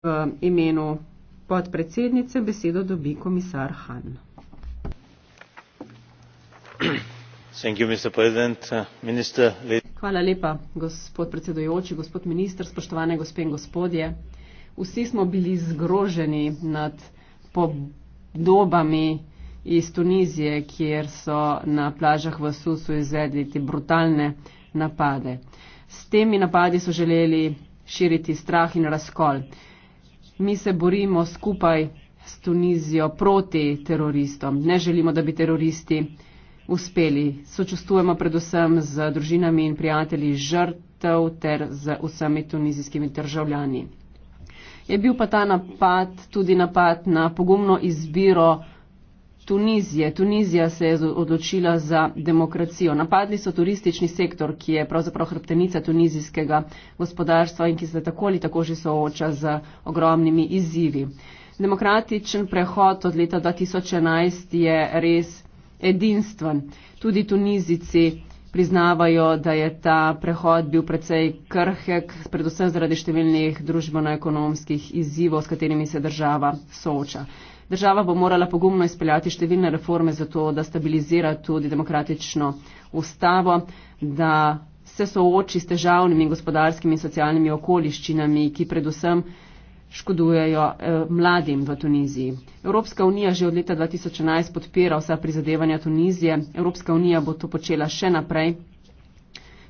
V imenu podpredsednice besedo dobi komisar Han. Uh, Hvala lepa, gospod predsedujoči, gospod minister, spoštovane gospe in gospodje. Vsi smo bili zgroženi nad podobami iz Tunizije, kjer so na plažah v Susu izvedli te brutalne napade. S temi napadi so želeli širiti strah in razkol mi se borimo skupaj s Tunizijo proti teroristom. Ne želimo, da bi teroristi uspeli. Sočustujemo predvsem z družinami in prijatelji žrtev ter z vsemi tunizijskimi državljani. Je bil pa ta napad tudi napad na pogumno izbiro, Tunizije. Tunizija se je odločila za demokracijo. Napadli so turistični sektor, ki je pravzaprav hrbtenica tunizijskega gospodarstva in ki se tako ali tako že sooča z ogromnimi izzivi. Demokratičen prehod od leta 2011 je res edinstven. Tudi tunizici priznavajo, da je ta prehod bil precej krhek, predvsem zaradi številnih družbeno-ekonomskih izzivov, s katerimi se država sooča. Država bo morala pogumno izpeljati številne reforme za to, da stabilizira tudi demokratično ustavo, da se sooči s težavnimi gospodarskimi in socialnimi okoliščinami, ki predvsem škodujejo eh, mladim v Tuniziji. Evropska unija že od leta 2011 podpira vsa prizadevanja Tunizije. Evropska unija bo to počela še naprej.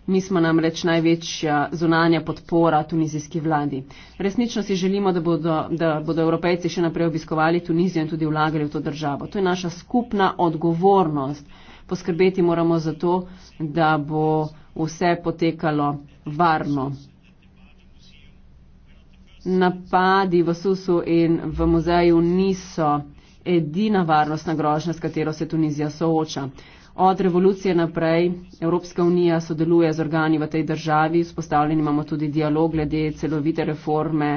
Mi smo namreč največja zunanja podpora tunizijski vladi. Resnično si želimo, da bodo, da bodo evropejci še naprej obiskovali Tunizijo in tudi vlagali v to državo. To je naša skupna odgovornost. Poskrbeti moramo za to, da bo vse potekalo varno. Napadi v Susu in v muzeju niso edina varnostna grožnja, s katero se Tunizija sooča. Od revolucije naprej Evropska unija sodeluje z organi v tej državi, vzpostavljeni imamo tudi dialog glede celovite reforme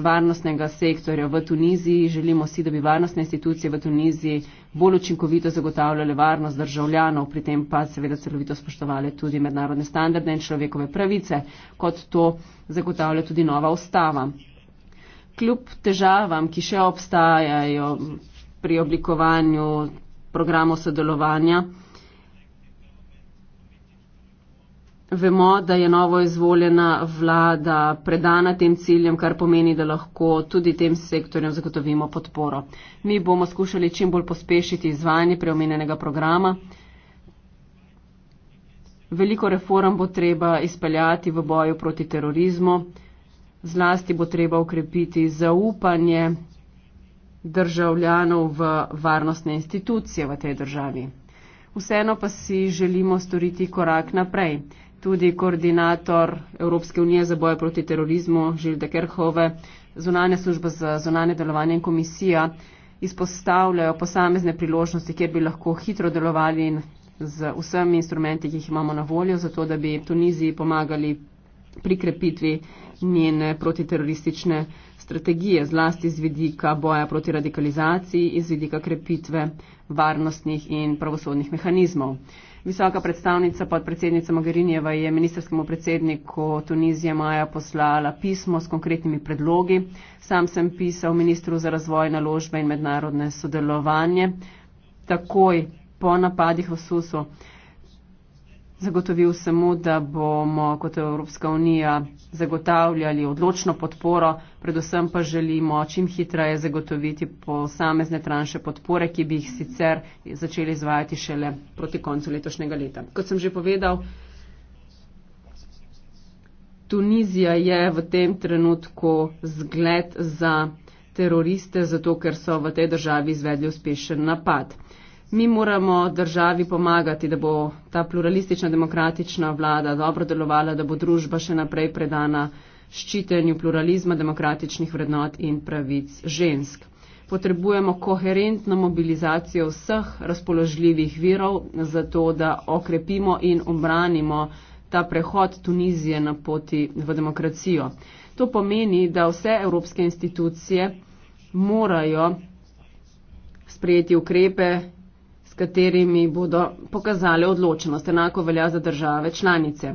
varnostnega sektorja v Tuniziji. Želimo si, da bi varnostne institucije v Tuniziji bolj učinkovito zagotavljale varnost državljanov, pri tem pa seveda celovito spoštovale tudi mednarodne standarde in človekove pravice, kot to zagotavlja tudi nova ustava. Kljub težavam, ki še obstajajo pri oblikovanju programov sodelovanja, Vemo, da je novo izvoljena vlada predana tem ciljem, kar pomeni, da lahko tudi tem sektorjem zagotovimo podporo. Mi bomo skušali čim bolj pospešiti izvajanje preomenjenega programa. Veliko reform bo treba izpeljati v boju proti terorizmu. Zlasti bo treba ukrepiti zaupanje državljanov v varnostne institucije v tej državi. Vseeno pa si želimo storiti korak naprej tudi koordinator Evropske unije za boje proti terorizmu Žilde Kerhove, zunanja služba za zunanje delovanje in komisija izpostavljajo posamezne priložnosti, kjer bi lahko hitro delovali in z vsemi instrumenti, ki jih imamo na voljo, zato da bi Tuniziji pomagali pri krepitvi njene protiteroristične strategije, zlasti z vidika boja proti radikalizaciji in z vidika krepitve varnostnih in pravosodnih mehanizmov. Visoka predstavnica podpredsednica Mogherinjeva je ministerskemu predsedniku Tunizije Maja poslala pismo s konkretnimi predlogi. Sam sem pisal ministru za razvoj naložbe in mednarodne sodelovanje takoj po napadih v Susu. Zagotovil sem mu, da bomo kot Evropska unija zagotavljali odločno podporo, predvsem pa želimo čim hitreje zagotoviti posamezne tranše podpore, ki bi jih sicer začeli izvajati šele proti koncu letošnjega leta. Kot sem že povedal, Tunizija je v tem trenutku zgled za teroriste, zato ker so v tej državi izvedli uspešen napad. Mi moramo državi pomagati, da bo ta pluralistična demokratična vlada dobro delovala, da bo družba še naprej predana ščitenju pluralizma demokratičnih vrednot in pravic žensk. Potrebujemo koherentno mobilizacijo vseh razpoložljivih virov, zato da okrepimo in obranimo ta prehod Tunizije na poti v demokracijo. To pomeni, da vse evropske institucije morajo sprejeti ukrepe katerimi bodo pokazali odločenost. Enako velja za države članice.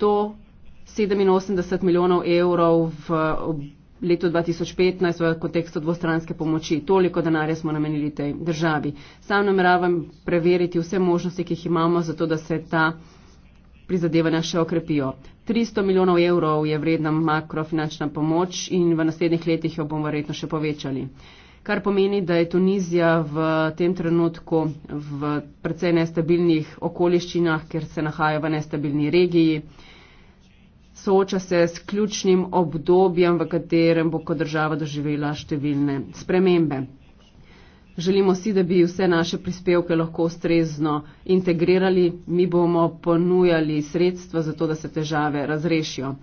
187 milijonov evrov v letu 2015 v kontekstu dvostranske pomoči. Toliko denarja smo namenili tej državi. Sam nameravam preveriti vse možnosti, ki jih imamo, zato da se ta prizadevanja še okrepijo. 300 milijonov evrov je vredna makrofinančna pomoč in v naslednjih letih jo bomo verjetno še povečali kar pomeni, da je Tunizija v tem trenutku v precej nestabilnih okoliščinah, ker se nahaja v nestabilni regiji. Sooča se s ključnim obdobjem, v katerem bo kot država doživela številne spremembe. Želimo si, da bi vse naše prispevke lahko ustrezno integrirali, mi bomo ponujali sredstva za to, da se težave razrešijo.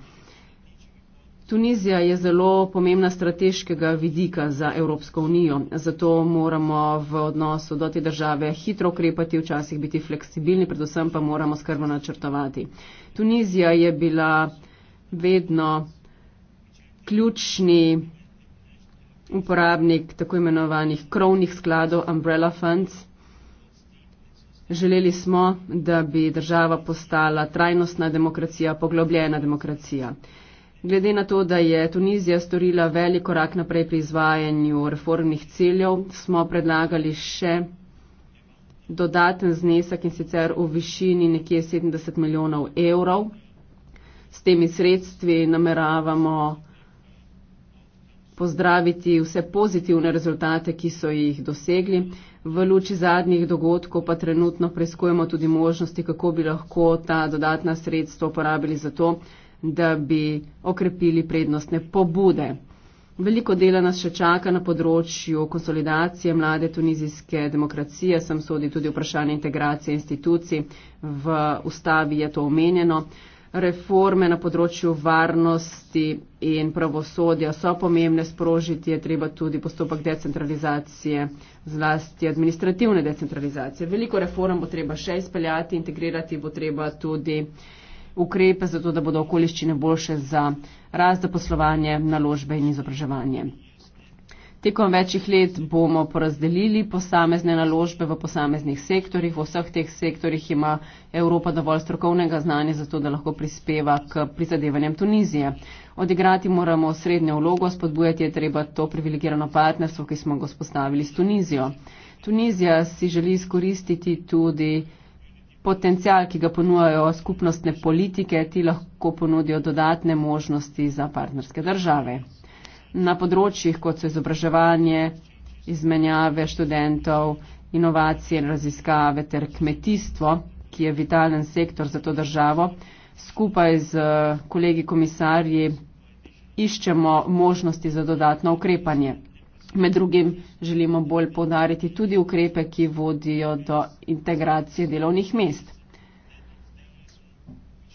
Tunizija je zelo pomembna strateškega vidika za Evropsko unijo, zato moramo v odnosu do te države hitro ukrepati, včasih biti fleksibilni, predvsem pa moramo skrbno načrtovati. Tunizija je bila vedno ključni uporabnik tako imenovanih krovnih skladov, umbrella funds. Želeli smo, da bi država postala trajnostna demokracija, poglobljena demokracija. Glede na to, da je Tunizija storila velik korak naprej pri izvajanju reformnih ciljev, smo predlagali še dodaten znesek in sicer v višini nekje 70 milijonov evrov. S temi sredstvi nameravamo pozdraviti vse pozitivne rezultate, ki so jih dosegli. V luči zadnjih dogodkov pa trenutno preiskujemo tudi možnosti, kako bi lahko ta dodatna sredstva uporabili za to, da bi okrepili prednostne pobude. Veliko dela nas še čaka na področju konsolidacije mlade tunizijske demokracije, sem sodi tudi vprašanje integracije institucij, v ustavi je to omenjeno. Reforme na področju varnosti in pravosodja so pomembne, sprožiti je treba tudi postopek decentralizacije, zlasti administrativne decentralizacije. Veliko reform bo treba še izpeljati, integrirati bo treba tudi ukrepe, zato da bodo okoliščine boljše za razdoposlovanje, naložbe in izobraževanje. Tekom večjih let bomo porazdelili posamezne naložbe v posameznih sektorjih. V vseh teh sektorjih ima Evropa dovolj strokovnega znanja, zato da lahko prispeva k prizadevanjem Tunizije. Odigrati moramo srednjo vlogo, spodbujati je treba to privilegirano partnerstvo, ki smo ga spostavili s Tunizijo. Tunizija si želi izkoristiti tudi potencial, ki ga ponujajo skupnostne politike, ti lahko ponudijo dodatne možnosti za partnerske države. Na področjih, kot so izobraževanje, izmenjave študentov, inovacije in raziskave ter kmetijstvo, ki je vitalen sektor za to državo, skupaj z kolegi komisarji iščemo možnosti za dodatno ukrepanje. Med drugim želimo bolj povdariti tudi ukrepe, ki vodijo do integracije delovnih mest.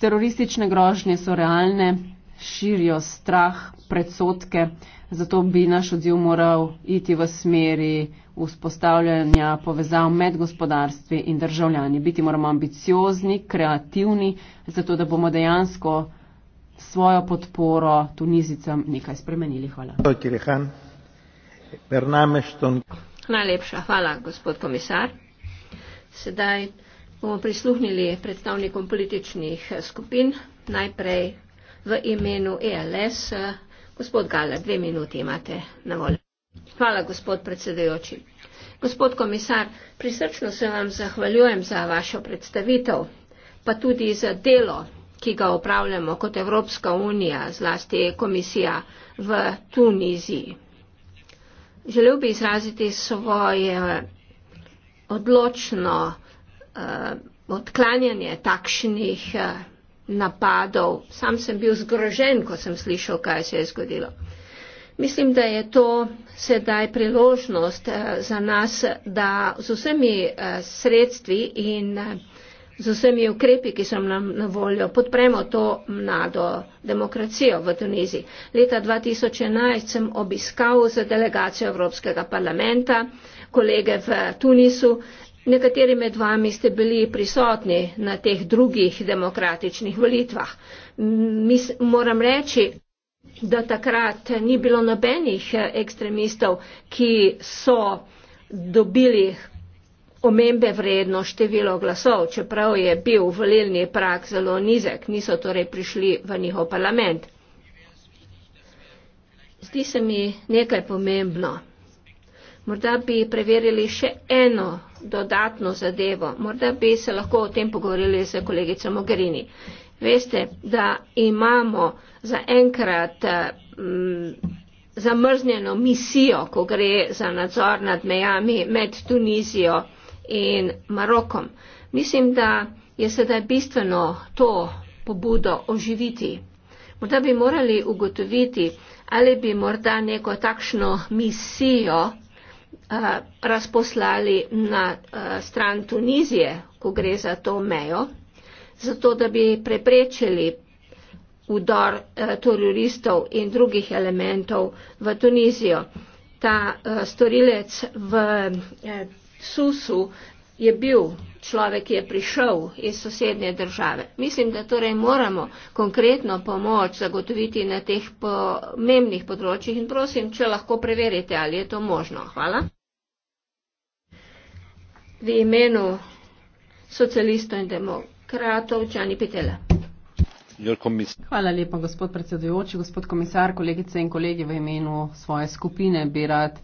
Teroristične grožnje so realne, širijo strah, predsotke, zato bi naš odziv moral iti v smeri vzpostavljanja povezav med gospodarstvi in državljani. Biti moramo ambiciozni, kreativni, zato da bomo dejansko svojo podporo Tunizicam nekaj spremenili. Hvala. Najlepša hvala, gospod komisar. Sedaj bomo prisluhnili predstavnikom političnih skupin. Najprej v imenu ELS. Gospod Gala, dve minuti imate na voljo. Hvala, gospod predsedujoči. Gospod komisar, prisrčno se vam zahvaljujem za vašo predstavitev, pa tudi za delo, ki ga opravljamo kot Evropska unija, zlasti komisija v Tuniziji. Želel bi izraziti svoje odločno uh, odklanjanje takšnih uh, napadov. Sam sem bil zgrožen, ko sem slišal, kaj se je zgodilo. Mislim, da je to sedaj priložnost uh, za nas, da z vsemi uh, sredstvi in uh, z vsemi ukrepi, ki so nam na voljo, podpremo to mlado demokracijo v Tuniziji. Leta 2011 sem obiskal z delegacijo Evropskega parlamenta kolege v Tunisu. Nekateri med vami ste bili prisotni na teh drugih demokratičnih volitvah. Mis, moram reči, da takrat ni bilo nobenih ekstremistov, ki so dobili omembe vredno število glasov, čeprav je bil volilni prak zelo nizek, niso torej prišli v njihov parlament. Zdi se mi nekaj pomembno. Morda bi preverili še eno dodatno zadevo, morda bi se lahko o tem pogovorili z kolegico Mogherini. Veste, da imamo zaenkrat mm, zamrznjeno misijo, ko gre za nadzor nad mejami med Tunizijo in Marokom. Mislim, da je sedaj bistveno to pobudo oživiti. Morda bi morali ugotoviti, ali bi morda neko takšno misijo eh, razposlali na eh, stran Tunizije, ko gre za to mejo, zato da bi preprečili udor eh, teroristov in drugih elementov v Tunizijo. Ta storilec v Susu je bil človek, ki je prišel iz sosednje države. Mislim, da torej moramo konkretno pomoč zagotoviti na teh pomembnih področjih in prosim, če lahko preverite, ali je to možno. Hvala. V imenu socialistov in demokratov, Čani Pitela. Hvala lepa, gospod predsedujoči, gospod komisar, kolegice in kolegi, v imenu svoje skupine bi rad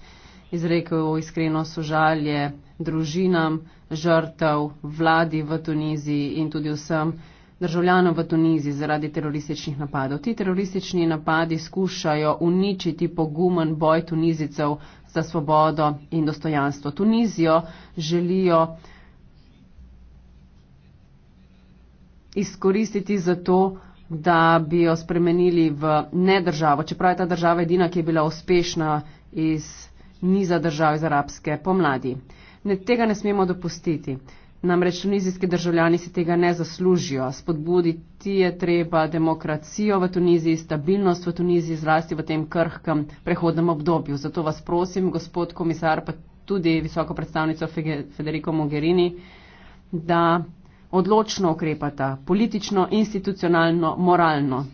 izrekel iskreno sožalje družinam žrtev vladi v Tuniziji in tudi vsem državljanom v Tuniziji zaradi terorističnih napadov. Ti teroristični napadi skušajo uničiti pogumen boj Tunizicev za svobodo in dostojanstvo. Tunizijo želijo izkoristiti zato, da bi jo spremenili v nedržavo, čeprav je ta država edina, ki je bila uspešna iz ni za držav iz arabske pomladi. Ne, tega ne smemo dopustiti. Namreč tunizijski državljani si tega ne zaslužijo. Spodbuditi je treba demokracijo v Tuniziji, stabilnost v Tuniziji, zlasti v tem krhkem prehodnem obdobju. Zato vas prosim, gospod komisar, pa tudi visoko predstavnico Federico Mogherini, da odločno ukrepata politično, institucionalno, moralno.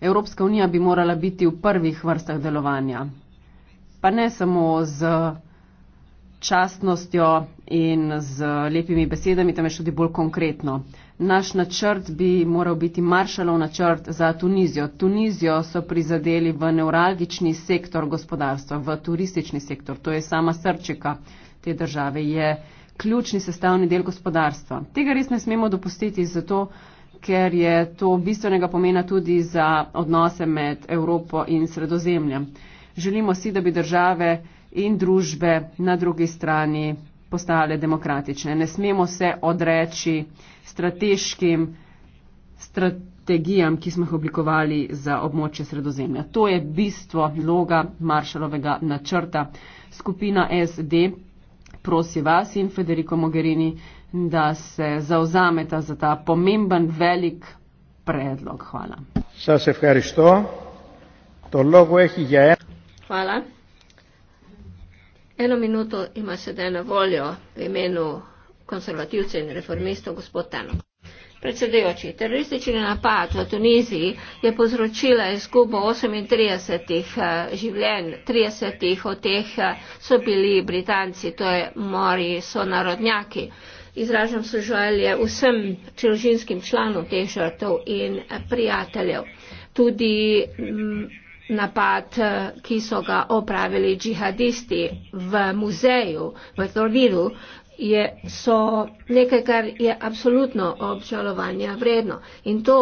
Evropska unija bi morala biti v prvih vrstah delovanja, pa ne samo z častnostjo in z lepimi besedami, temveč tudi bolj konkretno. Naš načrt bi moral biti maršalov načrt za Tunizijo. Tunizijo so prizadeli v neuralgični sektor gospodarstva, v turistični sektor, to je sama srčika te države, je ključni sestavni del gospodarstva. Tega res ne smemo dopustiti, zato ker je to bistvenega pomena tudi za odnose med Evropo in sredozemljem. Želimo si, da bi države in družbe na drugi strani postale demokratične. Ne smemo se odreči strateškim strategijam, ki smo jih oblikovali za območje sredozemlja. To je bistvo loga Maršalovega načrta. Skupina SD prosi vas in Federico Mogherini, da se zauzameta za ta pomemben, velik predlog. Hvala. Hvala. Eno minuto ima sedaj na voljo v imenu konservativcev in reformistov gospod Tanok. Predsedujoči, teroristični napad v Tuniziji je povzročila izgubo 38 eh, življenj, 30 od teh eh, so bili Britanci, to je mori sonarodnjaki izražam sožalje vsem čeložinskim članom teh žrtev in eh, prijateljev. Tudi mm, napad, eh, ki so ga opravili džihadisti v muzeju v Tornilu, je so nekaj, kar je absolutno obžalovanja vredno. In to,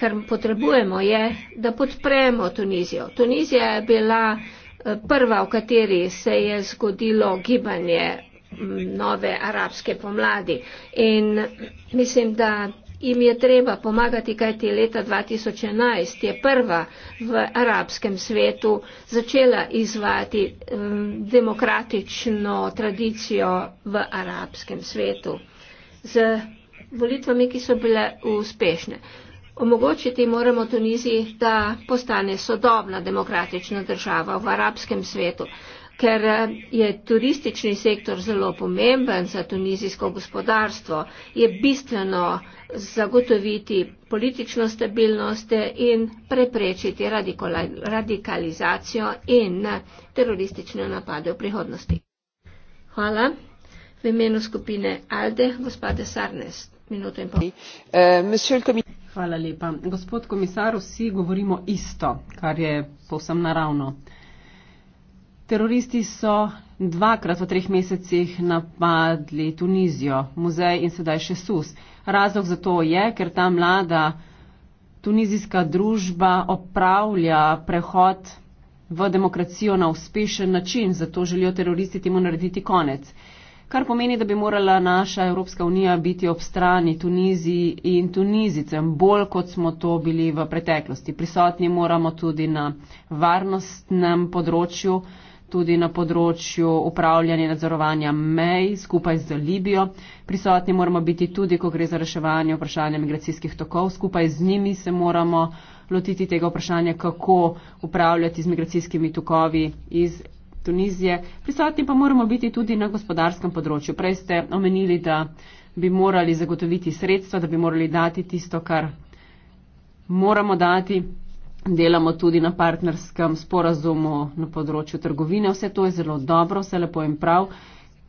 kar potrebujemo, je, da podpremo Tunizijo. Tunizija je bila eh, prva, v kateri se je zgodilo gibanje nove arabske pomladi. In mislim, da jim je treba pomagati, kajti leta 2011 je prva v arabskem svetu začela izvati um, demokratično tradicijo v arabskem svetu z volitvami, ki so bile uspešne. Omogočiti moramo Tuniziji, da postane sodobna demokratična država v arabskem svetu ker eh, je turistični sektor zelo pomemben za tunizijsko gospodarstvo, je bistveno zagotoviti politično stabilnost in preprečiti radikalizacijo in teroristične napade v prihodnosti. Hvala. V imenu skupine ALDE, gospode Sarnes, minuto in pol. Eh, Hvala lepa. Gospod komisar, vsi govorimo isto, kar je povsem naravno. Teroristi so dvakrat v treh mesecih napadli Tunizijo, muzej in sedaj še SUS. Razlog za to je, ker ta mlada tunizijska družba opravlja prehod v demokracijo na uspešen način, zato želijo teroristi temu narediti konec. Kar pomeni, da bi morala naša Evropska unija biti ob strani Tuniziji in Tunizicem, bolj kot smo to bili v preteklosti. Prisotni moramo tudi na varnostnem področju tudi na področju upravljanja in nadzorovanja mej skupaj z Libijo. Prisotni moramo biti tudi, ko gre za reševanje vprašanja migracijskih tokov. Skupaj z njimi se moramo lotiti tega vprašanja, kako upravljati z migracijskimi tokovi iz Tunizije. Prisotni pa moramo biti tudi na gospodarskem področju. Prej ste omenili, da bi morali zagotoviti sredstva, da bi morali dati tisto, kar moramo dati. Delamo tudi na partnerskem sporazumu na področju trgovine. Vse to je zelo dobro, vse lepo in prav,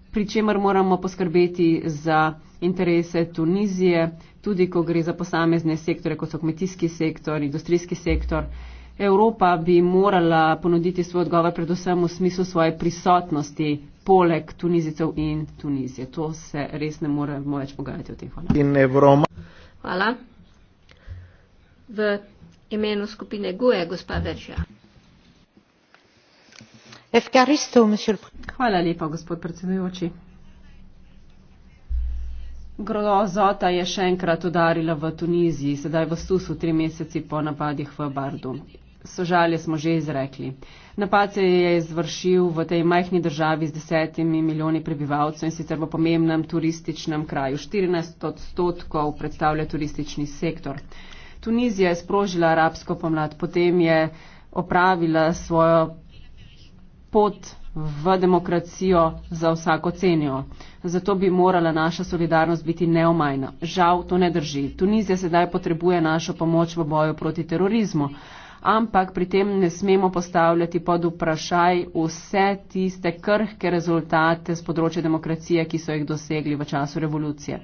pri čemer moramo poskrbeti za interese Tunizije, tudi ko gre za posamezne sektore, kot so kmetijski sektor, industrijski sektor. Evropa bi morala ponuditi svoj odgovor predvsem v smislu svoje prisotnosti poleg Tunizicev in Tunizije. To se res ne moremo več pogajati o tem. Hvala. Hvala. V imenu skupine GUE, gospa Verža. Hvala lepa, gospod predsedujoči. Grozota je še enkrat udarila v Tuniziji, sedaj v Susu, tri meseci po napadih v Bardu. Sožalje smo že izrekli. Napad se je izvršil v tej majhni državi z desetimi milijoni prebivalcev in sicer v pomembnem turističnem kraju. 14 odstotkov predstavlja turistični sektor. Tunizija je sprožila arabsko pomlad, potem je opravila svojo pot v demokracijo za vsako cenijo. Zato bi morala naša solidarnost biti neomajna. Žal to ne drži. Tunizija sedaj potrebuje našo pomoč v boju proti terorizmu. Ampak pri tem ne smemo postavljati pod vprašaj vse tiste krhke rezultate z področja demokracije, ki so jih dosegli v času revolucije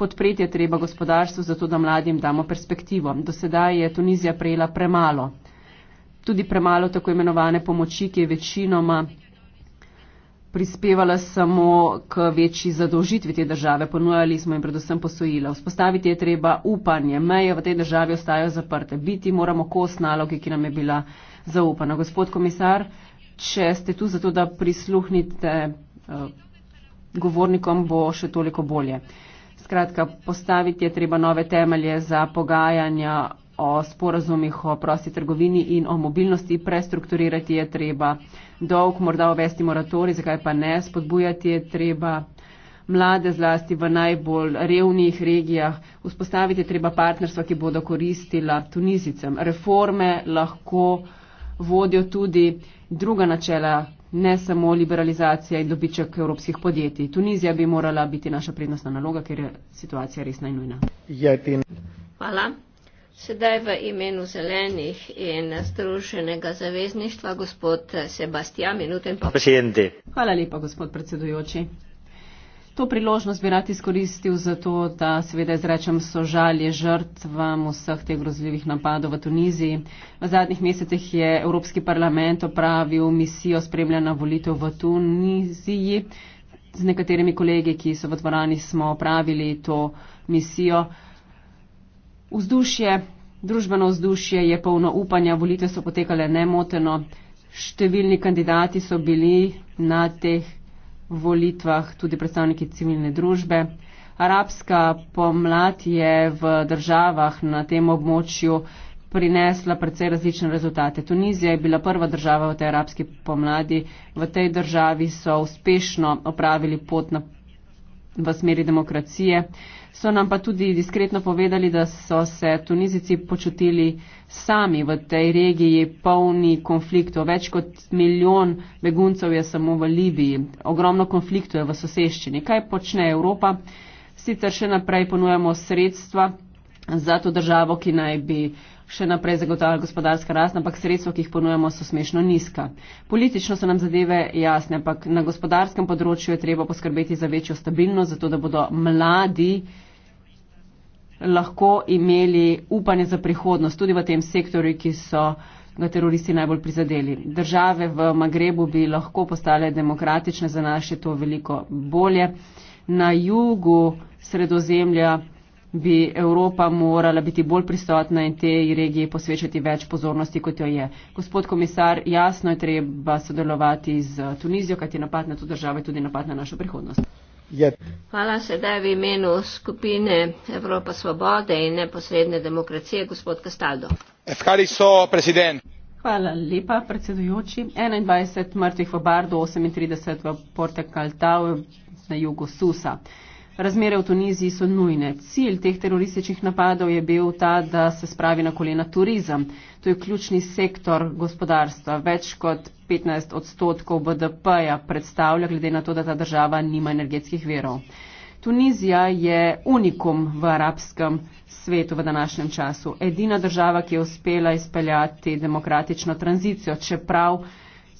podpreti je treba gospodarstvo, zato da mladim damo perspektivo. Do sedaj je Tunizija prejela premalo. Tudi premalo tako imenovane pomoči, ki je večinoma prispevala samo k večji zadolžitvi te države. Ponujali smo jim predvsem posojila. Vzpostaviti je treba upanje. Meje v tej državi ostajajo zaprte. Biti moramo kos naloge, ki nam je bila zaupana. Gospod komisar, če ste tu zato, da prisluhnite eh, govornikom, bo še toliko bolje. Skratka, postaviti je treba nove temelje za pogajanja o sporazumih o prosti trgovini in o mobilnosti, prestrukturirati je treba dolg, morda uvesti moratori, zakaj pa ne, spodbujati je treba mlade zlasti v najbolj revnih regijah, vzpostaviti je treba partnerstva, ki bodo koristila Tunizicem. Reforme lahko vodijo tudi druga načela ne samo liberalizacija in dobiček evropskih podjetij. Tunizija bi morala biti naša prednostna naloga, ker je situacija res najnujna. Ja, Hvala. Sedaj v imenu zelenih in združenega zavezništva gospod Sebastian, minuto in pol. Hvala lepa, gospod predsedujoči to priložnost bi rad izkoristil za to, da seveda izrečem sožalje žrtvam vseh teh grozljivih napadov v Tuniziji. V zadnjih mesecih je Evropski parlament opravil misijo spremljanja volitev v Tuniziji. Z nekaterimi kolegi, ki so v dvorani, smo opravili to misijo. Vzdušje, družbeno vzdušje je polno upanja, volitve so potekale nemoteno. Številni kandidati so bili na teh volitvah tudi predstavniki civilne družbe. Arabska pomlad je v državah na tem območju prinesla precej različne rezultate. Tunizija je bila prva država v tej arabski pomladi. V tej državi so uspešno opravili pot na v smeri demokracije. So nam pa tudi diskretno povedali, da so se Tunizici počutili sami v tej regiji polni konfliktov. Več kot milijon beguncev je samo v Libiji. Ogromno konfliktov je v soseščini. Kaj počne Evropa? Sicer še naprej ponujamo sredstva za to državo, ki naj bi še naprej zagotavlja gospodarska rast, ampak sredstva, ki jih ponujemo, so smešno nizka. Politično so nam zadeve jasne, ampak na gospodarskem področju je treba poskrbeti za večjo stabilnost, zato da bodo mladi lahko imeli upanje za prihodnost tudi v tem sektorju, ki so ga teroristi najbolj prizadeli. Države v Magrebu bi lahko postale demokratične, za naše to veliko bolje. Na jugu sredozemlja bi Evropa morala biti bolj prisotna in tej regiji posvečati več pozornosti, kot jo je. Gospod komisar, jasno je treba sodelovati z Tunizijo, kajti napad na to državo je tudi napad na našo prihodnost. Yep. Hvala sedaj v imenu skupine Evropa svobode in neposredne demokracije, gospod Kastaldo. Hvala lepa, predsedujoči. 21 mrtvih v Bardu, 38 v Porta Kaltau na jugu Susa. Razmere v Tuniziji so nujne. Cilj teh terorističnih napadov je bil ta, da se spravi na kolena turizem. To je ključni sektor gospodarstva. Več kot 15 odstotkov BDP-ja predstavlja, glede na to, da ta država nima energetskih verov. Tunizija je unikum v arabskem svetu v današnjem času. Edina država, ki je uspela izpeljati demokratično tranzicijo, čeprav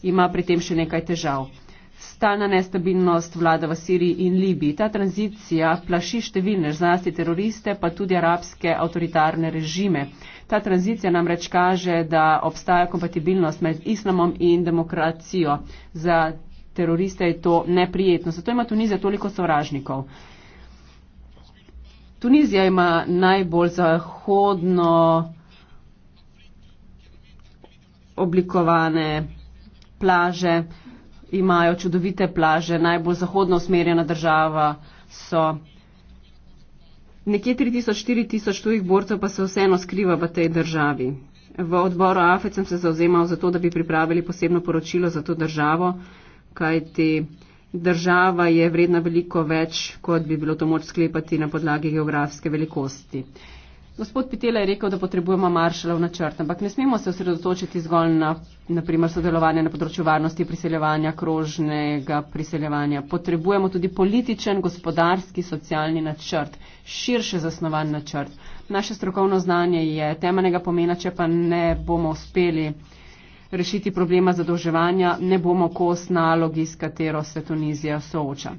ima pri tem še nekaj težav. Stalna nestabilnost vlada v Siriji in Libiji. Ta tranzicija plaši številne zlasti teroriste, pa tudi arabske avtoritarne režime. Ta tranzicija namreč kaže, da obstaja kompatibilnost med islamom in demokracijo. Za teroriste je to neprijetno, zato ima Tunizija toliko sovražnikov. Tunizija ima najbolj zahodno oblikovane plaže imajo čudovite plaže, najbolj zahodno usmerjena država so. Nekje 3000-4000 tujih borcev pa se vseeno skriva v tej državi. V odboru AFED sem se zauzemal za to, da bi pripravili posebno poročilo za to državo, kajti država je vredna veliko več, kot bi bilo to moč sklepati na podlagi geografske velikosti. Gospod Pitela je rekel, da potrebujemo maršalov načrt, ampak ne smemo se osredotočiti zgolj na naprimer, sodelovanje na področju varnosti, priseljevanja, krožnega priseljevanja. Potrebujemo tudi političen, gospodarski, socialni načrt, širše zasnovan načrt. Naše strokovno znanje je temeljnega pomena, če pa ne bomo uspeli rešiti problema zadolževanja, ne bomo kos nalogi, s katero se Tunizija sooča.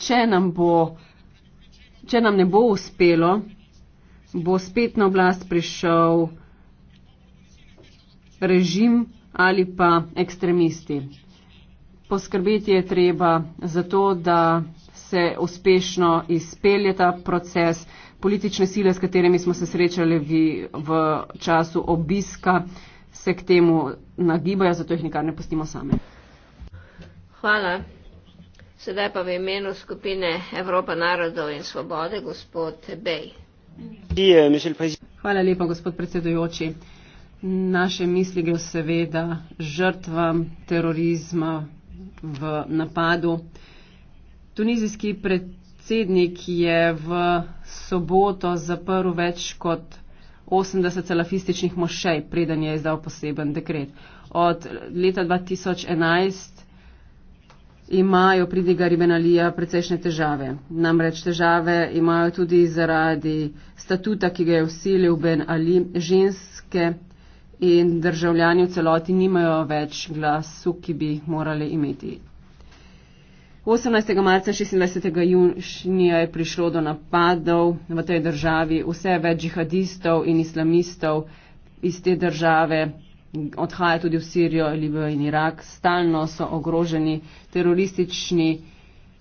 Če nam, bo, če nam ne bo uspelo, bo spet na oblast prišel režim ali pa ekstremisti. Poskrbeti je treba za to, da se uspešno izpelje ta proces. Politične sile, s katerimi smo se srečali v, v času obiska, se k temu nagibajo, zato jih nikar ne pustimo same. Hvala. Sedaj pa v imenu skupine Evropa narodov in svobode, gospod Bej. Hvala lepa, gospod predsedujoči. Naše misli gre seveda žrtvam terorizma v napadu. Tunizijski predsednik je v soboto zaprl več kot 80 salafističnih mošej, preden je izdal poseben dekret. Od leta 2011 imajo pridiga ribenalija precejšnje težave. Namreč težave imajo tudi zaradi statuta, ki ga je usilil Ben Ali, ženske in državljani v celoti nimajo več glasu, ki bi morali imeti. 18. marca 26. junija je prišlo do napadov v tej državi. Vse več džihadistov in islamistov iz te države odhaja tudi v Sirijo, Libijo in Irak. Stalno so ogroženi teroristični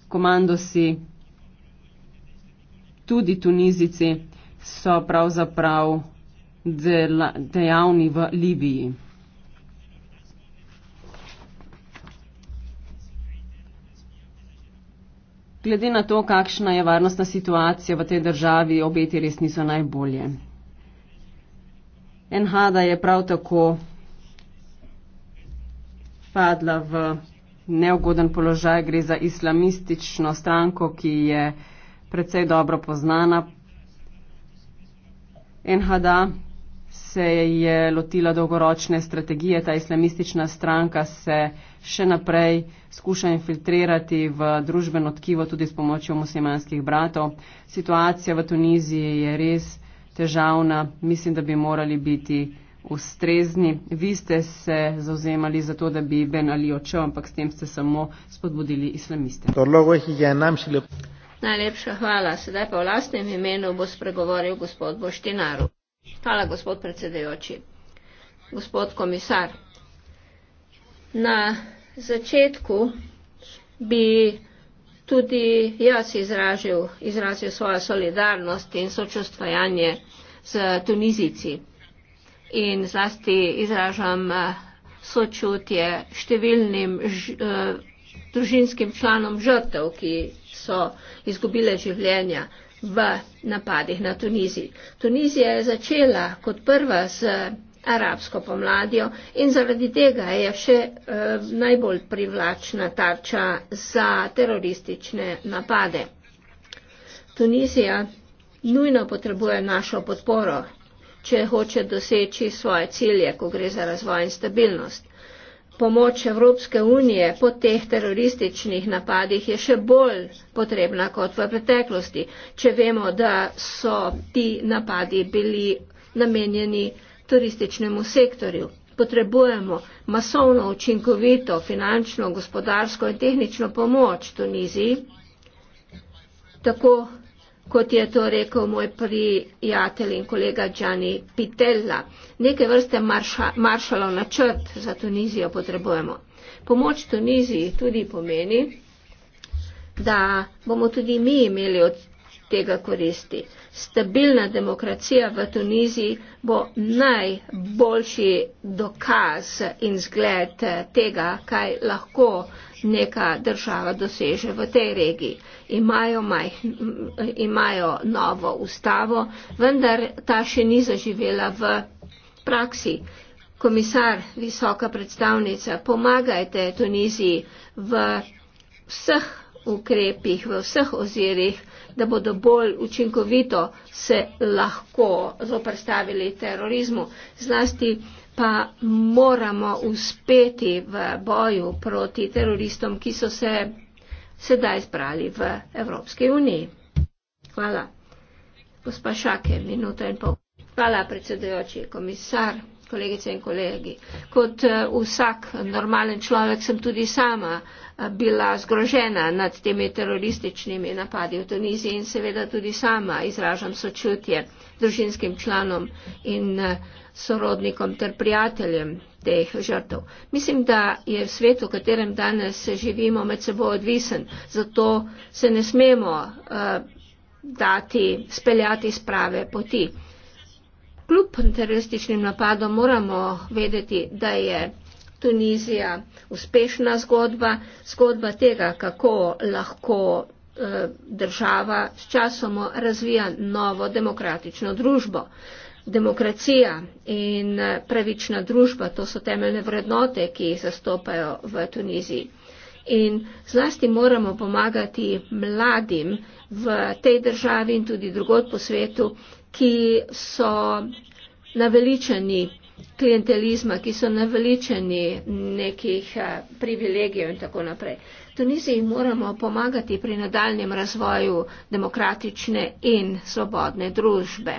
komandosi, tudi tunizici so pravzaprav dejavni v Libiji. Glede na to, kakšna je varnostna situacija v tej državi, obeti res niso najbolje. Enhada je prav tako padla v neugoden položaj. Gre za islamistično stranko, ki je precej dobro poznana. NHD se je lotila dolgoročne strategije. Ta islamistična stranka se še naprej skuša infiltrirati v družbeno tkivo tudi s pomočjo muslimanskih bratov. Situacija v Tuniziji je res težavna. Mislim, da bi morali biti ustrezni. Vi ste se zauzemali za to, da bi Ben Ali očel, ampak s tem ste samo spodbudili islamiste. Najlepša hvala. Sedaj pa v lastnem imenu bo spregovoril gospod Boštinaru. Hvala, gospod predsedajoči. Gospod komisar. Na začetku bi tudi jaz izražil, izrazil svojo solidarnost in sočustvojanje z Tunizici in zlasti izražam eh, sočutje številnim ž, eh, družinskim članom žrtev, ki so izgubile življenja v napadih na Tuniziji. Tunizija je začela kot prva z eh, arabsko pomladjo in zaradi tega je še eh, najbolj privlačna tarča za teroristične napade. Tunizija nujno potrebuje našo podporo če hoče doseči svoje cilje, ko gre za razvoj in stabilnost. Pomoč Evropske unije po teh terorističnih napadih je še bolj potrebna kot v preteklosti, če vemo, da so ti napadi bili namenjeni turističnemu sektorju. Potrebujemo masovno, učinkovito finančno, gospodarsko in tehnično pomoč Tuniziji, tako kot je to rekel moj prijatelj in kolega Džani Pitella, neke vrste maršalov načrt za Tunizijo potrebujemo. Pomoč Tuniziji tudi pomeni, da bomo tudi mi imeli od tega koristi. Stabilna demokracija v Tuniziji bo najboljši dokaz in zgled tega, kaj lahko neka država doseže v tej regiji. Imajo, maj, imajo novo ustavo, vendar ta še ni zaživela v praksi. Komisar, visoka predstavnica, pomagajte Tuniziji v vseh ukrepih v vseh ozirih, da bodo bolj učinkovito se lahko zoprstavili terorizmu. Zlasti pa moramo uspeti v boju proti teroristom, ki so se sedaj zbrali v Evropski uniji. Hvala. Gospa Šake, minuta in pol. Hvala, predsedujoči komisar, kolegice in kolegi. Kot eh, vsak normalen človek sem tudi sama. Eh, bila zgrožena nad temi terorističnimi napadi v Tuniziji in seveda tudi sama izražam sočutje družinskim članom in eh, sorodnikom ter prijateljem teh žrtev. Mislim, da je svet, v katerem danes živimo, med seboj odvisen, zato se ne smemo uh, dati, speljati iz prave poti. Kljub terorističnim napadom moramo vedeti, da je Tunizija, uspešna zgodba, zgodba tega, kako lahko eh, država s časom razvija novo demokratično družbo. Demokracija in eh, pravična družba, to so temeljne vrednote, ki jih zastopajo v Tuniziji. In zlasti moramo pomagati mladim v tej državi in tudi drugod po svetu, ki so naveličeni klientelizma, ki so naveličeni nekih eh, privilegijev in tako naprej. Tuniziji moramo pomagati pri nadaljem razvoju demokratične in svobodne družbe.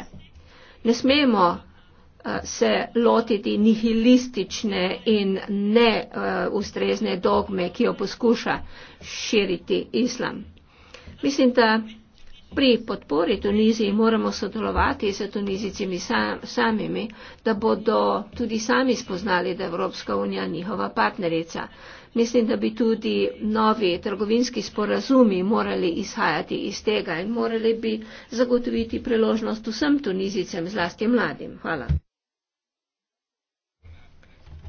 Ne smemo eh, se lotiti nihilistične in neustrezne eh, dogme, ki jo poskuša širiti islam. Mislim, da Pri podpori Tuniziji moramo sodelovati z Tunizicami sam, samimi, da bodo tudi sami spoznali, da je Evropska unija njihova partnerica. Mislim, da bi tudi novi trgovinski sporazumi morali izhajati iz tega in morali bi zagotoviti priložnost vsem Tunizicem, zlasti mladim. Hvala.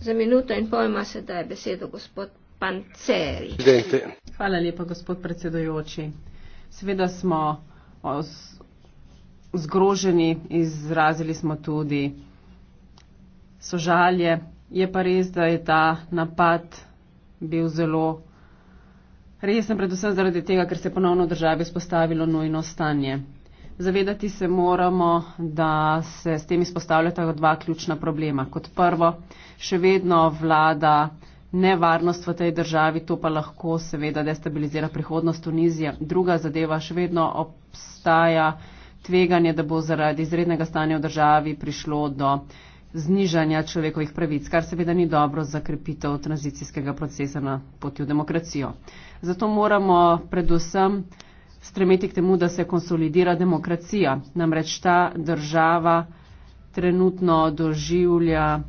Za minuto in pojma se daje besedo gospod Panceri. Hvala lepa, gospod predsedujoči. Seveda smo zgroženi, izrazili smo tudi sožalje. Je pa res, da je ta napad bil zelo resen, predvsem zaradi tega, ker se je ponovno v državi spostavilo nujno stanje. Zavedati se moramo, da se s tem izpostavljata dva ključna problema. Kot prvo, še vedno vlada nevarnost v tej državi, to pa lahko seveda destabilizira prihodnost Tunizije. Druga zadeva, še vedno obstaja tveganje, da bo zaradi izrednega stanja v državi prišlo do znižanja človekovih pravic, kar seveda ni dobro za krepitev tranzicijskega procesa na poti v demokracijo. Zato moramo predvsem stremeti k temu, da se konsolidira demokracija. Namreč ta država trenutno doživlja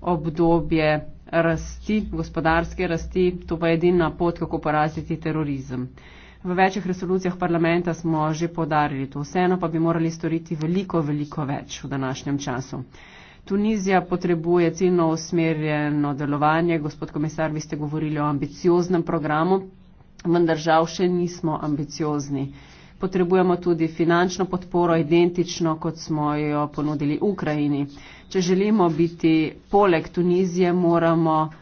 obdobje rasti, gospodarske rasti, to pa je edina pot, kako poraziti terorizem. V večjih resolucijah parlamenta smo že podarili to, vseeno pa bi morali storiti veliko, veliko več v današnjem času. Tunizija potrebuje ciljno usmerjeno delovanje. Gospod komisar, vi ste govorili o ambicioznem programu, vendar žal še nismo ambiciozni potrebujemo tudi finančno podporo, identično, kot smo jo ponudili Ukrajini. Če želimo biti poleg Tunizije, moramo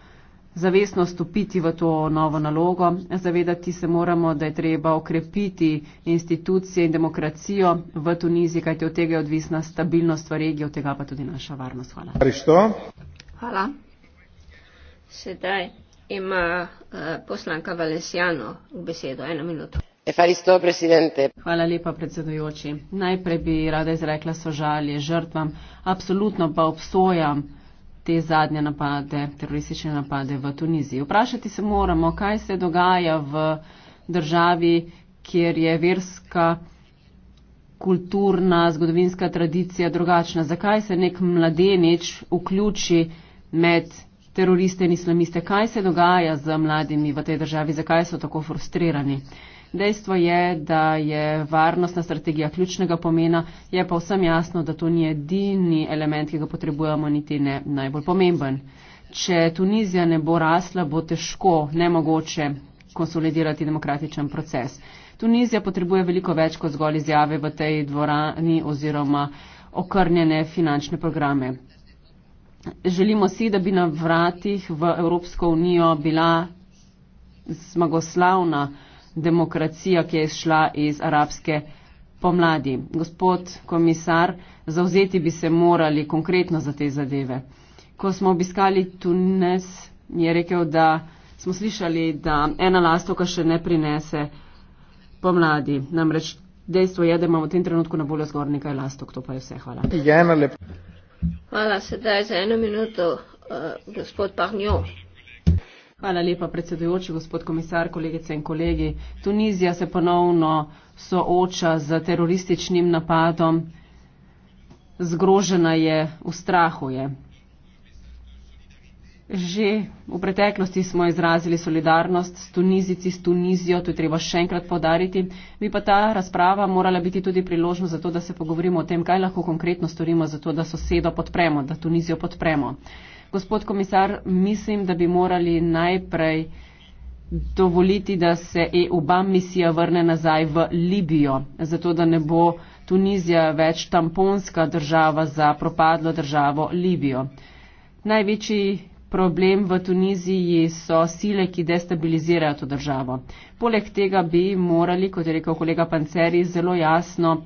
zavestno stopiti v to novo nalogo, zavedati se moramo, da je treba okrepiti institucije in demokracijo v Tuniziji, kajte od tega je odvisna stabilnost v regiji, od tega pa tudi naša varnost. Hvala. Hristo. Hvala. Sedaj ima uh, poslanka Valesjano besedo. Eno minuto. Hvala lepa, predsedujoči. Najprej bi rada izrekla sožalje žrtvam, absolutno pa obsojam te zadnje napade, teroristične napade v Tuniziji. Vprašati se moramo, kaj se dogaja v državi, kjer je verska, kulturna, zgodovinska tradicija drugačna. Zakaj se nek mladenič vključi med teroriste in islamiste? Kaj se dogaja z mladimi v tej državi? Zakaj so tako frustrirani? Dejstvo je, da je varnostna strategija ključnega pomena, je pa vsem jasno, da to ni edini element, ki ga potrebujemo, niti ne najbolj pomemben. Če Tunizija ne bo rasla, bo težko, nemogoče konsolidirati demokratičen proces. Tunizija potrebuje veliko več kot zgolj izjave v tej dvorani oziroma okrnjene finančne programe. Želimo si, da bi na vratih v Evropsko unijo bila zmagoslavna demokracijo, ki je izšla iz arabske pomladi. Gospod komisar, zauzeti bi se morali konkretno za te zadeve. Ko smo obiskali Tunes, mi je rekel, da smo slišali, da ena lastovka še ne prinese pomladi. Namreč dejstvo je, da imamo v tem trenutku na voljo zgor nekaj lastovk, to pa je vse. Hvala. Hvala sedaj za eno minuto, uh, gospod Pahnjo. Hvala lepa, predsedujoči, gospod komisar, kolegice in kolegi. Tunizija se ponovno sooča z terorističnim napadom. Zgrožena je, v strahu je. Že v preteklosti smo izrazili solidarnost s Tunizici, s Tunizijo, to je treba še enkrat podariti. Bi pa ta razprava morala biti tudi priložnost za to, da se pogovorimo o tem, kaj lahko konkretno storimo za to, da sosedo podpremo, da Tunizijo podpremo. Gospod komisar, mislim, da bi morali najprej dovoliti, da se EU-ba misija vrne nazaj v Libijo, zato da ne bo Tunizija več tamponska država za propadlo državo Libijo. Največji problem v Tuniziji so sile, ki destabilizirajo to državo. Poleg tega bi morali, kot je rekel kolega Panceri, zelo jasno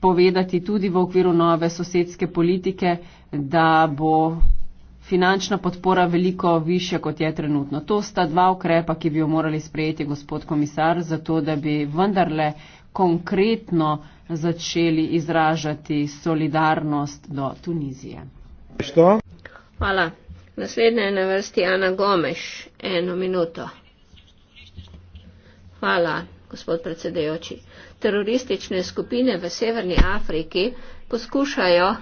povedati tudi v okviru nove sosedske politike, da bo finančna podpora veliko više, kot je trenutno. To sta dva ukrepa, ki bi jo morali sprejeti, gospod komisar, zato da bi vendarle konkretno začeli izražati solidarnost do Tunizije. Što? Hvala. Naslednja je na vrsti Ana Gomeš. Eno minuto. Hvala, gospod predsedajoči teroristične skupine v Severni Afriki poskušajo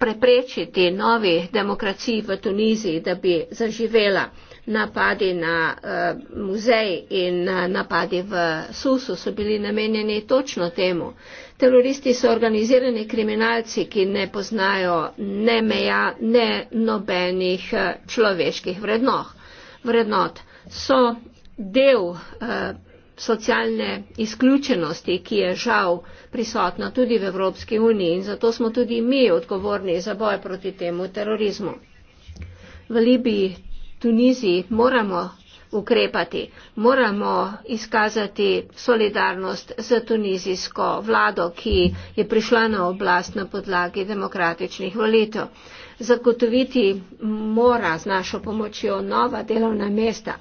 preprečiti novi demokraciji v Tuniziji, da bi zaživela. Napadi na uh, muzej in uh, napadi v Susu so bili namenjeni točno temu. Teroristi so organizirani kriminalci, ki ne poznajo ne meja, ne nobenih uh, človeških vrednoh. vrednot. So del uh, socialne izključenosti, ki je žal prisotna tudi v Evropski uniji in zato smo tudi mi odgovorni za boj proti temu terorizmu. V Libiji, Tuniziji moramo ukrepati, moramo izkazati solidarnost z tunizijsko vlado, ki je prišla na oblast na podlagi demokratičnih volitev. Zagotoviti mora z našo pomočjo nova delovna mesta.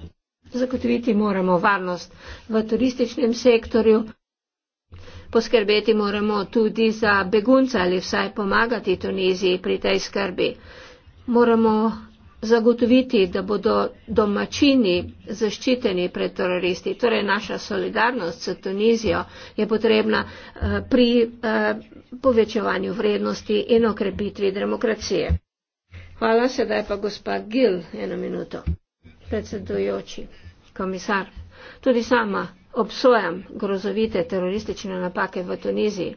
Zagotoviti moramo varnost v turističnem sektorju. Poskrbeti moramo tudi za begunce ali vsaj pomagati Tuniziji pri tej skrbi. Moramo zagotoviti, da bodo domačini zaščiteni pred teroristi. Torej, naša solidarnost s Tunizijo je potrebna eh, pri eh, povečevanju vrednosti in okrepitvi demokracije. Hvala, sedaj pa gospa Gil, eno minuto predsedujoči komisar. Tudi sama obsojam grozovite teroristične napake v Tuniziji,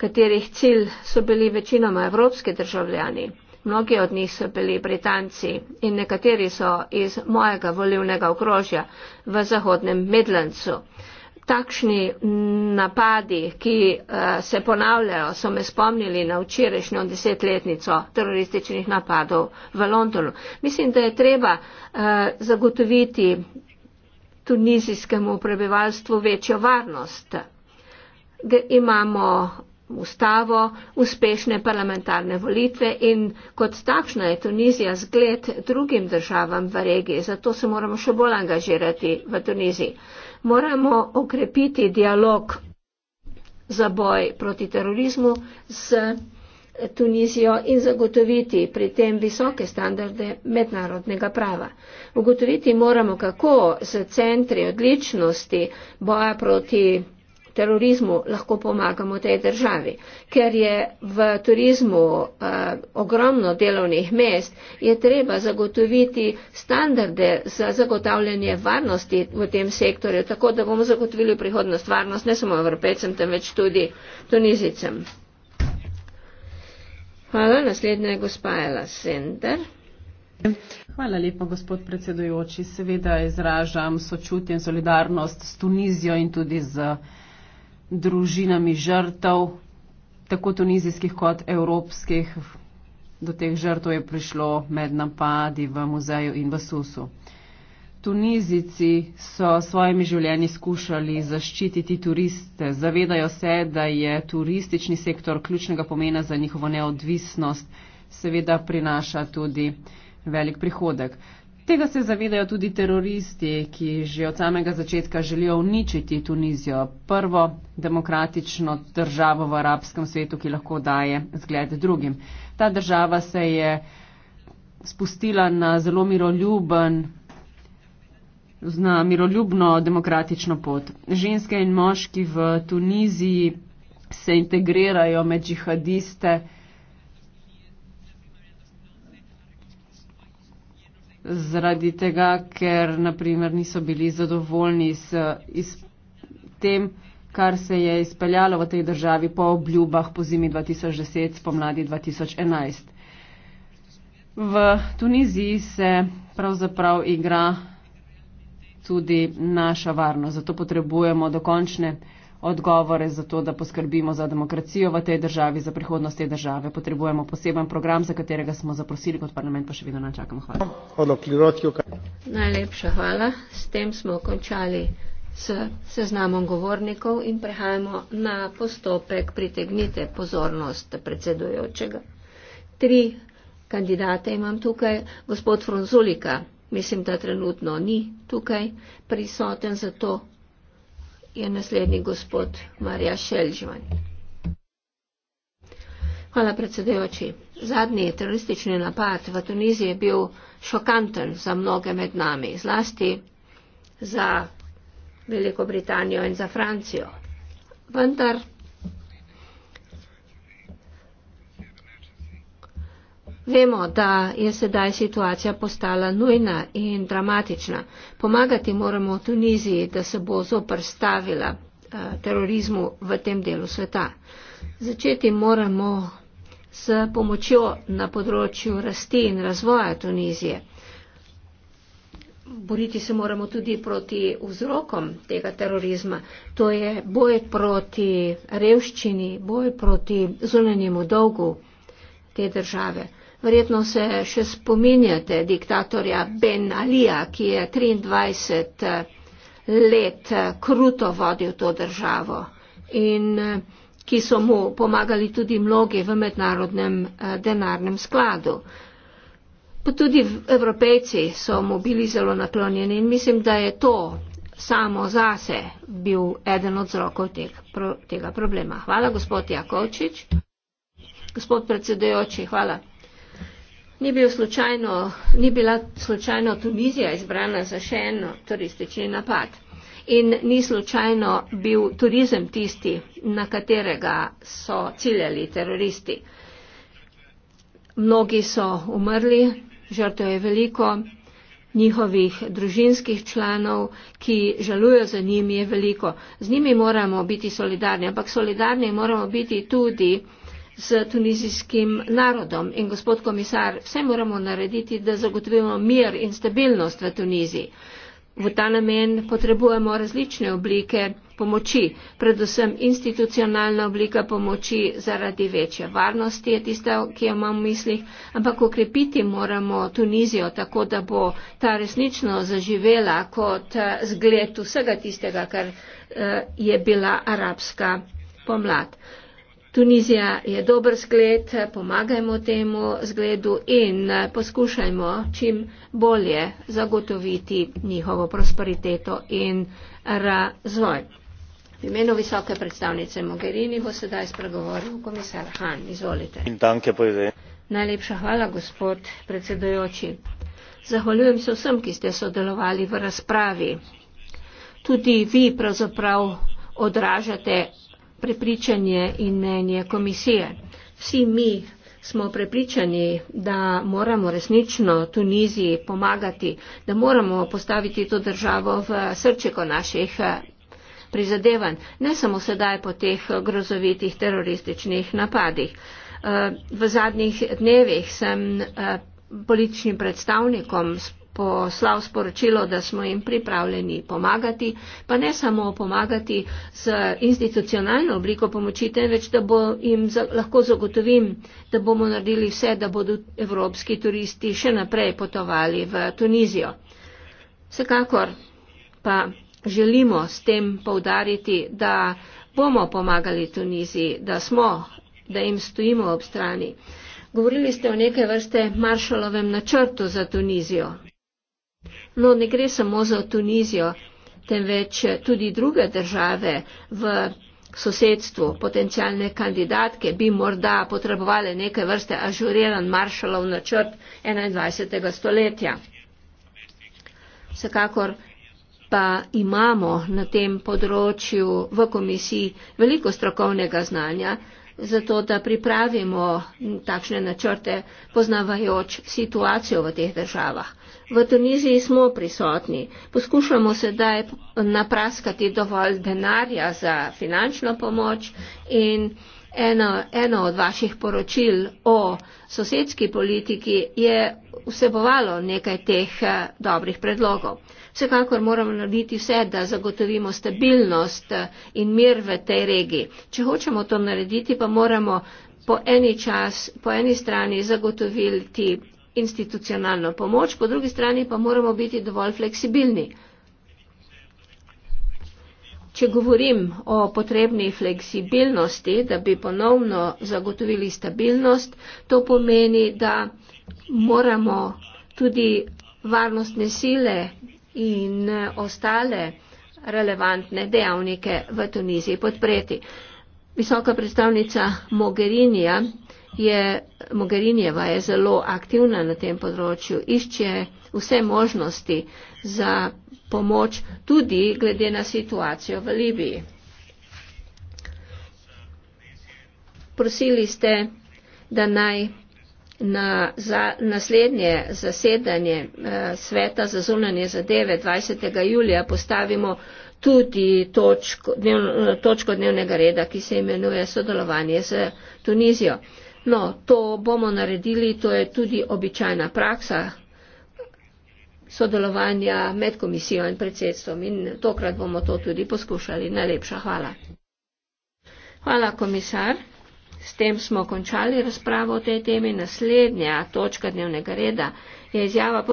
katerih cilj so bili večinoma evropske državljani. Mnogi od njih so bili Britanci in nekateri so iz mojega volivnega okrožja v zahodnem Midlandsu takšni napadi, ki eh, se ponavljajo, so me spomnili na včerajšnjo desetletnico terorističnih napadov v Londonu. Mislim, da je treba eh, zagotoviti tunizijskemu prebivalstvu večjo varnost. Imamo ustavo, uspešne parlamentarne volitve in kot takšna je Tunizija zgled drugim državam v regiji, zato se moramo še bolj angažirati v Tuniziji moramo okrepiti dialog za boj proti terorizmu z Tunizijo in zagotoviti pri tem visoke standarde mednarodnega prava. Ugotoviti moramo, kako se centri odličnosti boja proti terorizmu terorizmu lahko pomagamo tej državi. Ker je v turizmu uh, ogromno delovnih mest, je treba zagotoviti standarde za zagotavljanje varnosti v tem sektorju, tako da bomo zagotovili prihodnost varnost ne samo evropejcem, temveč tudi tunizicem. Hvala. Naslednja je gospa Ela Sender. Hvala lepa, gospod predsedujoči. Seveda izražam sočutje in solidarnost s Tunizijo in tudi z družinami žrtev, tako tunizijskih kot evropskih. Do teh žrtev je prišlo med napadi v muzeju in v Susu. Tunizici so svojimi življenji skušali zaščititi turiste. Zavedajo se, da je turistični sektor ključnega pomena za njihovo neodvisnost, seveda prinaša tudi velik prihodek. Tega se zavedajo tudi teroristi, ki že od samega začetka želijo uničiti Tunizijo, prvo demokratično državo v arabskem svetu, ki lahko daje zgled drugim. Ta država se je spustila na zelo miroljuben, na miroljubno demokratično pot. Ženske in moški v Tuniziji se integrirajo med džihadiste, zaradi tega, ker naprimer niso bili zadovoljni s iz, tem, kar se je izpeljalo v tej državi po obljubah po zimi 2010, spomladi 2011. V Tuniziji se pravzaprav igra tudi naša varnost, zato potrebujemo dokončne odgovore za to, da poskrbimo za demokracijo v tej državi, za prihodnost te države. Potrebujemo poseben program, za katerega smo zaprosili kot parlament, pa še vedno načakamo. Hvala. Najlepša hvala. S tem smo končali s seznamom govornikov in prehajamo na postopek pritegnite pozornost predsedujočega. Tri kandidate imam tukaj. Gospod Fronzulika, mislim, da trenutno ni tukaj prisoten, zato je naslednji gospod Marija Šelžvan. Hvala predsedujoči. Zadnji teroristični napad v Tuniziji je bil šokanten za mnoge med nami, zlasti za Veliko Britanijo in za Francijo. Vendar Vemo, da je sedaj situacija postala nujna in dramatična. Pomagati moramo Tuniziji, da se bo zoprstavila eh, terorizmu v tem delu sveta. Začeti moramo s pomočjo na področju rasti in razvoja Tunizije. Boriti se moramo tudi proti vzrokom tega terorizma. To je boj proti revščini, boj proti zunanjemu dolgu te države. Verjetno se še spominjate diktatorja Ben Alija, ki je 23 eh, let eh, kruto vodil to državo in eh, ki so mu pomagali tudi mnogi v mednarodnem denarnem skladu. Pa tudi evropejci so mu bili zelo naklonjeni in mislim, da je to samo zase bil eden od zrokov tega problema. Hvala, gospod Jakovčič. Gospod predsedojoči, hvala. Ni, bil slučajno, ni bila slučajno Tunizija izbrana za še en turistični napad. In ni slučajno bil turizem tisti, na katerega so ciljali teroristi. Mnogi so umrli, žrtev je veliko, njihovih družinskih članov, ki žalujo za njimi, je veliko. Z njimi moramo biti solidarni, ampak solidarni moramo biti tudi s tunizijskim narodom. In gospod komisar, vse moramo narediti, da zagotovimo mir in stabilnost v Tuniziji. V ta namen potrebujemo različne oblike pomoči, predvsem institucionalna oblika pomoči zaradi večje varnosti je tista, ki jo imam v mislih, ampak okrepiti moramo Tunizijo tako, da bo ta resnično zaživela kot eh, zgled vsega tistega, kar eh, je bila arabska pomlad. Tunizija je dober zgled, pomagajmo temu zgledu in poskušajmo čim bolje zagotoviti njihovo prosperiteto in razvoj. V imenu visoke predstavnice Mogherini bo sedaj spregovoril komisar Han. Izvolite. Danke, Najlepša hvala, gospod predsedujoči. Zahvaljujem se vsem, ki ste sodelovali v razpravi. Tudi vi pravzaprav odražate prepričanje in mnenje komisije. Vsi mi smo prepričani, da moramo resnično Tuniziji pomagati, da moramo postaviti to državo v srčeko naših eh, prizadevanj, ne samo sedaj po teh grozovitih terorističnih napadih. Eh, v zadnjih dnevih sem eh, političnim predstavnikom poslal sporočilo, da smo jim pripravljeni pomagati, pa ne samo pomagati z institucionalno obliko pomoči, temveč da bo jim za, lahko zagotovim, da bomo naredili vse, da bodo evropski turisti še naprej potovali v Tunizijo. Vsekakor pa želimo s tem povdariti, da bomo pomagali Tuniziji, da smo, da jim stojimo ob strani. Govorili ste o neke vrste maršalovem načrtu za Tunizijo. No, ne gre samo za Tunizijo, temveč tudi druge države v sosedstvu, potencijalne kandidatke, bi morda potrebovali neke vrste ažuriran maršalov načrt 21. stoletja. Vsekakor pa imamo na tem področju v komisiji veliko strokovnega znanja, zato da pripravimo takšne načrte poznavajoč situacijo v teh državah. V Tuniziji smo prisotni. Poskušamo sedaj napraskati dovolj denarja za finančno pomoč in eno, eno od vaših poročil o sosedski politiki je vsebovalo nekaj teh eh, dobrih predlogov. Vsekakor moramo narediti vse, da zagotovimo stabilnost eh, in mir v tej regiji. Če hočemo to narediti, pa moramo po eni, čas, po eni strani zagotoviti institucionalno pomoč, po drugi strani pa moramo biti dovolj fleksibilni. Če govorim o potrebni fleksibilnosti, da bi ponovno zagotovili stabilnost, to pomeni, da moramo tudi varnostne sile in ostale relevantne dejavnike v Tuniziji podpreti. Visoka predstavnica Mogherinija je, Mogherinjeva je zelo aktivna na tem področju, išče vse možnosti za pomoč tudi glede na situacijo v Libiji. Prosili ste, da naj na za, naslednje zasedanje eh, sveta za zunanje zadeve 20. julija postavimo tudi točk, dnev, točko dnevnega reda, ki se imenuje sodelovanje z Tunizijo. No, to bomo naredili, to je tudi običajna praksa sodelovanja med komisijo in predsedstvom in tokrat bomo to tudi poskušali. Najlepša hvala. Hvala, komisar. S tem smo končali razpravo o tej temi. Naslednja točka dnevnega reda je izjava.